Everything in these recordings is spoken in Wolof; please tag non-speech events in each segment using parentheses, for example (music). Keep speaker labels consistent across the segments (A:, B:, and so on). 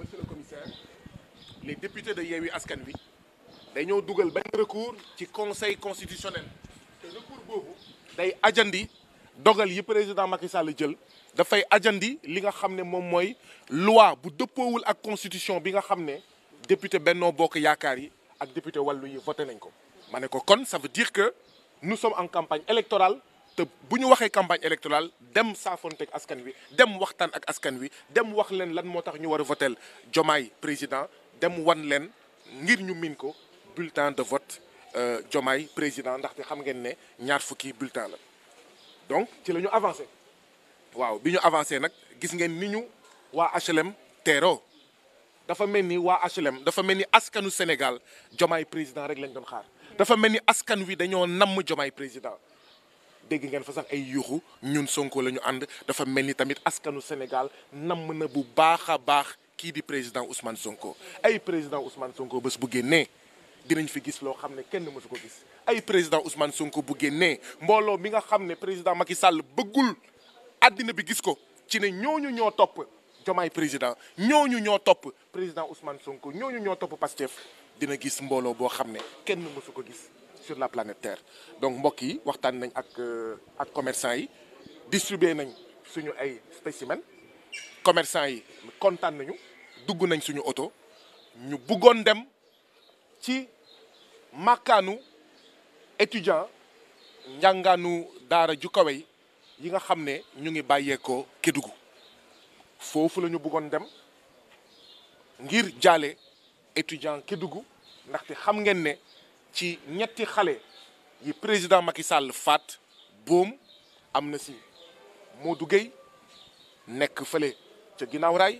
A: monsieur le commissaire les députés de Yéwi Askanvi ont recours au conseil constitutionnel Ce recours président Macky Sall ajandi loi bu la constitution député Benno Bokk Yakari député voté ça veut dire que nous sommes en campagne électorale te bu ñu waxee campagne électorale dem saafonteeg askan wi dem waxtaan ak askan wi dem wax leen lan moo tax ñu war a votel Jomaay président dem wan leen ngir ñu min ko bulletin de vote Jomaay euh, président ndaxte xam ngeen ne ñaar fukki bulletin la donc ci la ñu avancé waaw bi ñu avancé nag gis ngeen ni ñu waa HLM teeroo dafa mel ni waa HLM dafa mel ni askanu Sénégal Jomaay président rek lañ doon xaar dafa mel ni askan wi dañoo namm Jomaay président dégg ngeen fa sax ay yuxu ñun Sonko lañu and dafa melni tamit askanu Sénégal nam na bu baax baax kii di président Ousmane Sonko ay président Ousmane Sonko bés bu génnee dinañ fi gis loo xam kenn mësu ko gis ay président Ousmane Sonko bu génnee mbooloo mi nga xam ne président Macky Sall bëggul àddina bi gis ko ci ne ñooñu ñoo topp Diomaye président ñooñu ñoo topp président Ousmane Sonko ñooñu ñoo topp Pastef dina gis mbooloo boo xam ne kenn mësu ko gis sur la planète Terre donc mbokk yi waxtaan commerçants, ak euh, ak commerçant yi distribuer nañ suñu ay spécimen commerçant yi kontaan nañu dugg nañ suñu oto ñu bëggoon dem ci màkkaanu étudiant njàngaanu daara ju kawe yi nga xam ne ñu ngi bàyyeekoo Kédougou foofu la ñu bëggoon dem ngir jale étudiant Kédougou ndaxte xam ngeen ne ci ñetti xalé yi président Macky Sall fat boom amna ci Modou Gueye nek feulé ci ginaaw ray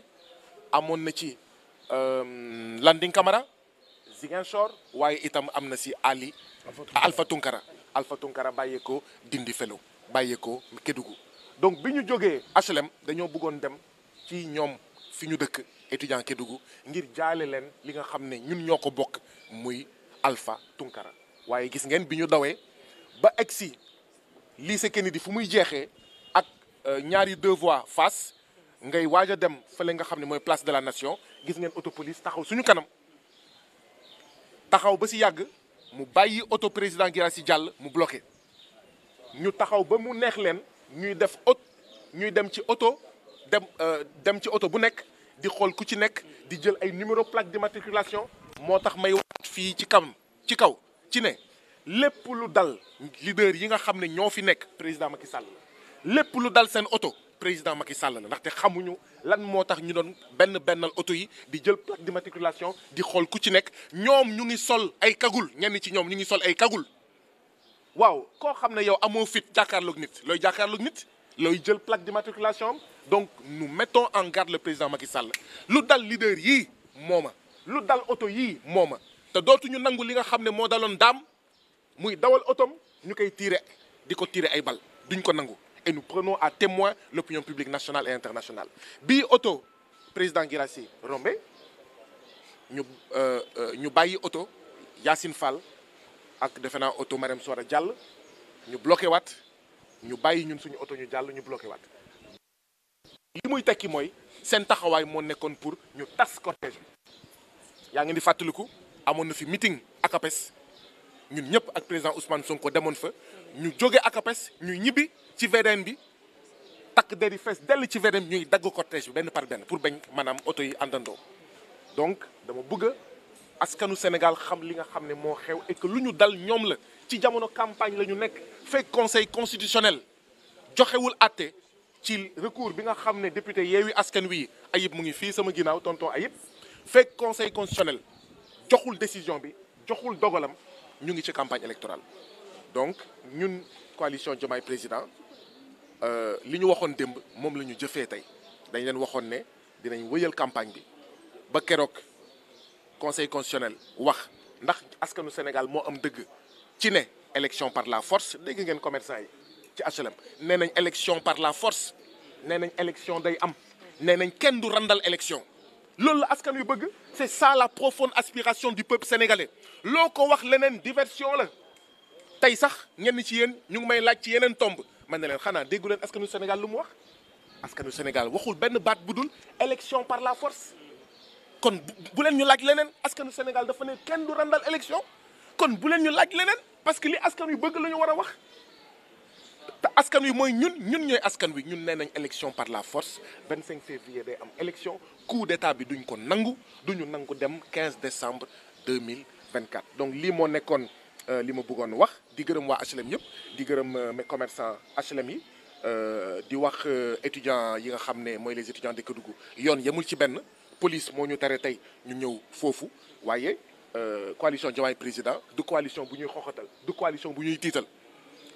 A: amoon na ci euh, Landing Camara Chor waye itam amna ci Ali Alpha Tunkara Alpha Tunkara Bayeko ko Dindi Felo ko donc biñu joggé HLM dañu bëggon dem ci ñom fiñu dëkk étudiant kedugu ngir jaalé len li nga xamné ñun ñoko bok muy Alpha Tunkara waaye gis vous bi ñu ba egg lycée Kennedy fu muy ak euh, ñaari deux face ngay a dem nga place de la nation gis voyez taxaw suñu kanam taxaw ba si mu auto président Guirassy jàll mu bloqué ñu taxaw ba mu neex ñuy def auto ñuy dem ci auto dem euh, dem ci auto bu nekk di ku ci numéro plaque d'immatriculation le may ci dal leader yi nga fi nek président Macky Sall la lu dal s'en auto président Macky Sall la te xamuñu lan nous ñu don ben yi di plaque d'immatriculation di xol ku ci nek ñu ngi sol ay kagul ñen ci ñom ngi sol ay kagul waaw ko xamne yow fit plaque d'immatriculation donc nous mettons en garde le président Macky Sall lu dal leader lu dal auto yi moma te ñu nangu li nga xam mo dalon dam muy dawal otom ñu koy tiire di ay bal duñ ko nangu et nous prenons à témoin l'opinion publique nationale et internationale bi auto président Guirassy rombe ñu euh, euh, ñu bayyi auto Yassine Fall ak defe auto oto Marème Soara ñu bloqué wat ñu bayyi ñun suñu auto ñu jàll ñu bloqué wat li muy tekki moy sen taxaway mo nekkoon pour ñu yaa ngi di fàttaliku fi meeting akapes ñun ñep ak président Ousmane Sonko demone fa ñu jóge akapes ñu ñibi ci VDN bi tak der fess fees ci VDN ñuy dagg cortège bi benn par benn pour bañ manam auto yi andando donc dama bëgg askanu Sénégal xam li nga xamné mo xew et que lu ñu dal ñom la ci jamono campagne la ñu nekk conseil constitutionnel joxewul atté ci recours bi nga xamné député yéwi Askan Wi Ayib mu ngi fi sama ginaaw tonton Ayib fait conseil constitutionnel joxul décision bi joxul dogalam ñu ngi ci campagne électorale donc ñun coalition jomay président euh, li ñu waxon demb mom lañu jëfé tay dañ leen waxon ne dinañ wëyel campagne bi ba kérok conseil constitutionnel wax ndax askanu Sénégal mo am dëgg ci né élection par la force dégg ngeen commerçant yi ci HLM né nañ élection par la force né nañ élection day am né nañ kenn du randal élection c'est ça la profonde aspiration du peuple sénégalais Ce ko wax diversion la nous sax là, ci yéen ñu sommes may laaj ci là, tomb man nous sommes Sénégal Sénégal par la force kon bu nous nous est-ce Sénégal nous ne kenn du randal élection parce que li askan yu bëgg la te askan wi mooy ñun ñun ñooy askan wi ñun nee nañ élection par la force 25 février day am élection coup d'état bi duñ ko nangu duñu nangu dem 15 décembre 2024 donc lii moo nekkoon euh, li ma bëggoon wax di gërëm waa HLM yëpp di gërëm euh, mes commerçants HLM yi euh, di wax étudiant yi nga xam ne mooy les étudiants de Kédougou yoon yemul ci benn police moo ñu tere tey ñu ñëw foofu waaye coalition Diomaye président du coalition bu ñuy xoxatal du coalition bu ñuy tiital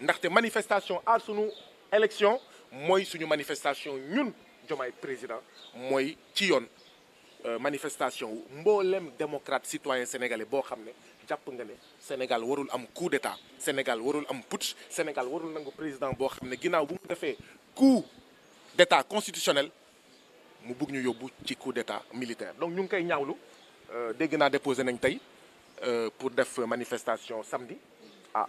A: ndaxte manifestation à sunu élection manifestation ñun président euh, manifestation démocrate citoyen sénégalais Sénégal warul am coup d'état Sénégal warul am putsch Sénégal warul président coup d'état constitutionnel coup d'état militaire donc euh, euh, pour des manifestation samedi à...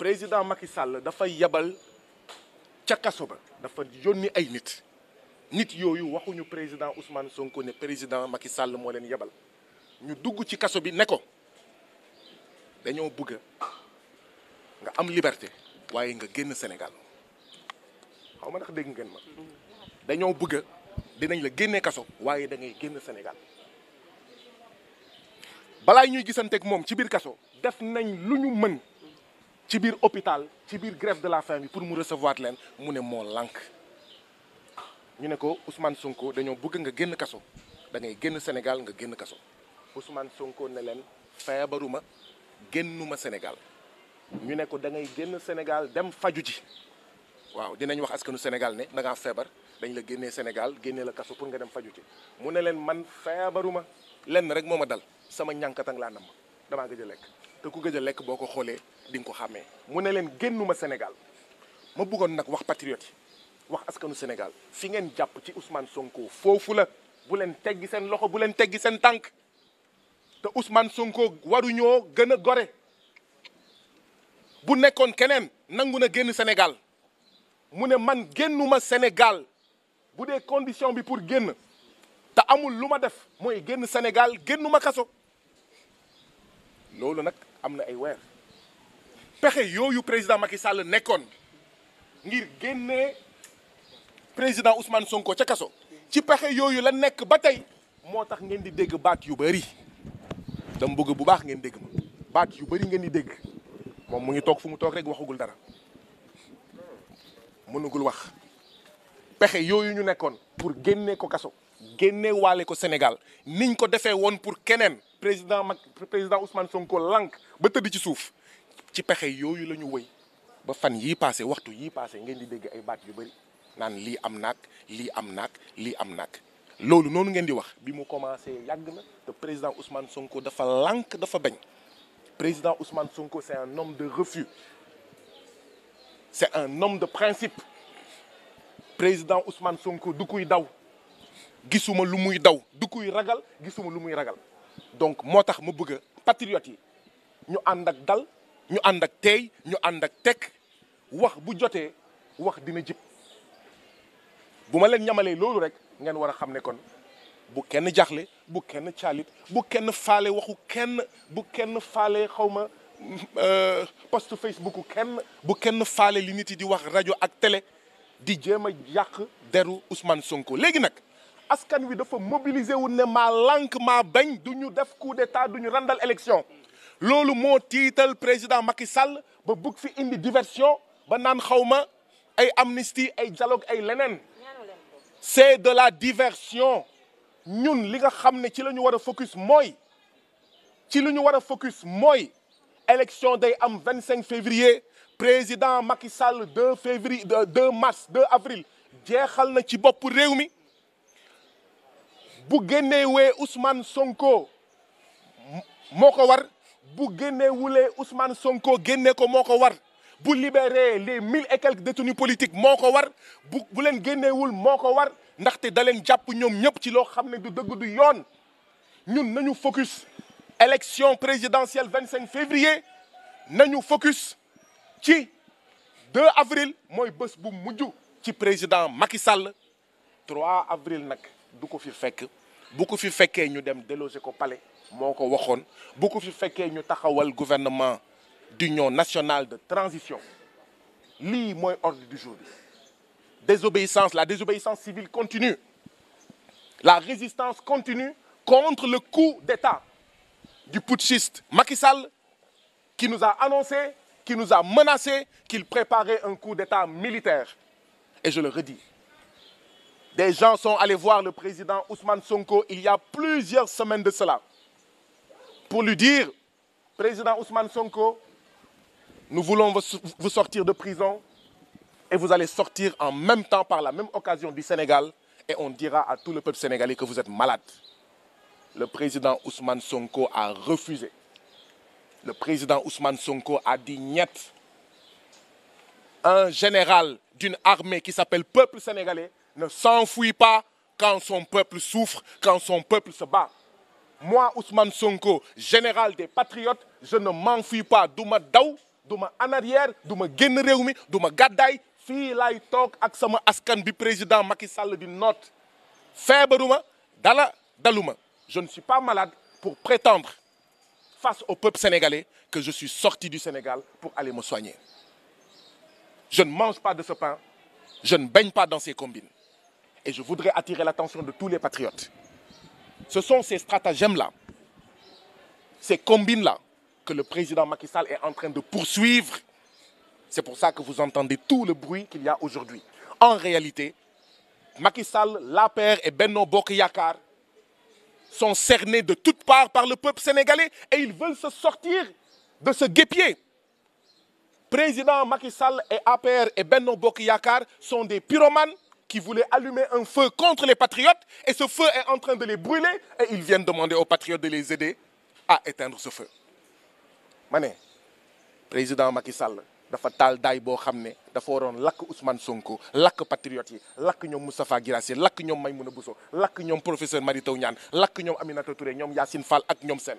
A: président Macky sàll dafa yebal ca kaso ba dafa yónni ay nit nit yooyu waxuñu président Ousmane Sonko ne président Macky sàll moo leen yebal ñu dugg ci kaso bi ne ko dañoo bëgg nga am liberté waaye nga génn Sénégal xaw ma ndax dégg ngeen ma dañoo bëgg dinañ la génne kaso waaye dangay génn Sénégal balaa ñuy gisanteeg moom ci biir kaso def nañ lu ñu mën. ci biir hôpital ci biir grève de la faim bi pour mu recevoir leen mu ne moo lànk ñu ne ko Ousmane Sonko dañoo bëgg nga génn kaso da ngay génn Sénégal nga génn kaso Ousmane Sonko ne leen feebaruma génnuma Sénégal ñu ne ko da ngay génn Sénégal dem faju ji waaw dinañ wax askanu Sénégal ne da ngaa feebar dañ la génnee Sénégal génnee la kaso pour nga dem faju ci mu ne leen man feebaruma lenn rek moo ma dal sama ñànkatang laa nam ma damaa gëj lekk te ku gëj a lekk boo ko xoolee di nga ko xàmmee mu ne leen génnuma Sénégal ma buggoon nag wax patriote yi wax askanu Sénégal fi ngeen jàpp ci Ousmane Sonko foofu la bu leen teggi seen loxo bu leen teggi seen tànk te Ousmane Sonko waruñoo gën a gore bu nekkoon keneen nangu na génn Sénégal mu ne man génnuma Sénégal bu dee condition bi pour génn te amul lu ma def mooy génn Sénégal génnuma kaso loolu nag am na ay weer pexe yooyu président Macky Sall nekkoon ngir génnee président Ousmane Sonko ca kaso ci pexe yooyu la nekk ba tey moo tax ngeen di dégg baat yu bëri dam bëgg bu baax ngeen dégg baat yu bëri ngeen di dégg moom mu ngi toog fu mu toog rek waxagul dara mënugul wax pexe yooyu ñu nekkoon pour génnee ko kaso génne walé ko Sénégal niñ ko défé won pour Kenen, président président Ousmane Sonko lank ba tëdd ci souf ci pexé yoyu lañu ñu wëy ba fan yi passé waxtu yi passé ngeen di dégg ay baat yu bari nan li am nak li am nak li am nak lolou nonu ngeen di wax bi mu commencé na te président Ousmane Sonko dafa lank dafa bañ président Ousmane Sonko c'est un homme de refus c'est un homme de principe président Ousmane Sonko du kuy daw gisuma lu muy daw du kuy ragal gisuma lu muy ragal donc motax ma bëgg yi ñu and ak dal ñu and ak ñu ak wax bu wax dina rek ngeen wara xamné kon bu kenn jaxlé bu kenn bu kenn waxu kenn bu kenn euh, post Facebook kenn bu kenn di wax radio ak télé di deru Ousmane Sonko askan wi dafa mobiliser wu ne maa lànk maa bañ duñu def coup d'état duñu randal élection lolu mo tital président Macky Sall ba bugg fi indi diversion ba nan xawma ay amnistie ay dialogue ay lenen c'est de la diversion ñun li nga xamné ci lañu wara focus moy ci lu wara focus moy élection day am 25 février président Macky Sall 2 février 2 mars 2 avril jéxal na ci bop réew mi bu génnewee Ousmane Sonko moko war bu génnewulee Ousmane Sonko génne ko moko war bu libérer les mille et quelques détenus politiques moko war bu bu leen génnewul moko war ndaxte da dalen jàpp ñoom ci lo xamné du deug du yoon ñun nañu focus élection présidentielle 25 février nañu focus ci 2 avril moy bëss bu muju ci président Macky Sall 3 avril nak du ko fi fekk beaucoup de fi que ñu dem déloger ko palais beaucoup de gens qui fi gouvernement d'union nationale de transition ordre du jour désobéissance la désobéissance civile continue la résistance continue contre le coup d'État du putschiste Macky Sall qui nous a annoncé qui nous a menacé qu'il préparait un coup d'État militaire et je le redis les gens sont allés voir le président Ousmane Sonko il y a plusieurs semaines de cela pour lui dire, président Ousmane Sonko, nous voulons vous sortir de prison et vous allez sortir en même temps par la même occasion du Sénégal et on dira à tout le peuple sénégalais que vous êtes malade. Le président Ousmane Sonko a refusé. Le président Ousmane Sonko a dit niet. Un général d'une armée qui s'appelle Peuple sénégalais ne s'enfuit pas quand son peuple souffre, quand son peuple se bat. Moi, Ousmane Sonko, général des patriotes, je ne m'enfuis pas en arrière askan président je ne suis pas malade pour prétendre face au peuple sénégalais que je suis sorti du Sénégal pour aller me soigner je ne mange pas de ce pain je ne baigne pas dans ces combines et je voudrais attirer l'attention de tous les patriotes. Ce sont ces stratagèmes-là, ces combines-là, que le président Macky Sall est en train de poursuivre. C'est pour ça que vous entendez tout le bruit qu'il y a aujourd'hui. En réalité, Macky Sall, Laper et Benno Bokyakar sont cernés de toutes parts par le peuple sénégalais et ils veulent se sortir de ce guépier. Président Macky Sall et APR et Benno Bokyakar sont des pyromanes qui voulait allumer un feu contre les patriotes et ce feu est en train de les brûler et ils viennent demander aux patriotes de les aider à éteindre ce feu. Mané, président Macky Sall dafa taal daay boo xam ne dafa Ousmane Sonko les patriotes yi lakk ñoom Moustapha Guirassy lakk ñoom Maïmouna Bousso lakk professeur Maritou Nyan, Niane lakk Aminata Touré Yacine Fall ak ñoom Sen.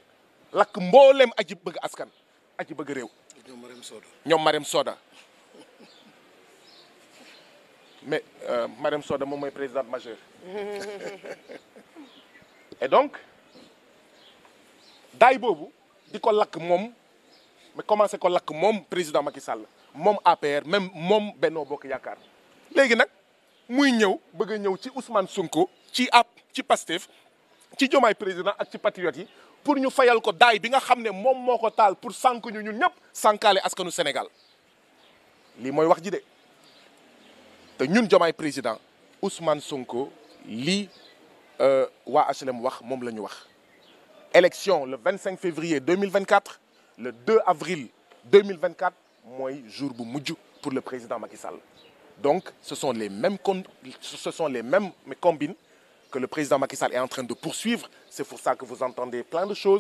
A: Lak mboolem aji bëgg askan aji bëgg réew. Soda Soda mais euh, madame Soda moom mooy présidente majeure (laughs) et donc daay dit qu'on l'a lakk moom mais qu'on ko lakk mom, président Macky Sall moom APR même mom Benno Bokk Yakar. léegi nag muy ñëw bëgg a ñëw ci Ousmane Sunko, ci ab ci Pastef ci jomay président ak ci patriote yi pour ñu fayal ko daay bi nga xam mom moko taal pour sànk ñu ñun ñëpp sànkaale askanu Sénégal li moy wax ji de. Nous président Ousmane Sonko li euh, wa HLM wax élection le 25 février 2024 le 2 avril 2024 jour pour le président Macky Sall donc ce sont les mêmes ce sont les mêmes combines que le président Macky Sall est en train de poursuivre c'est pour ça que vous entendez plein de choses.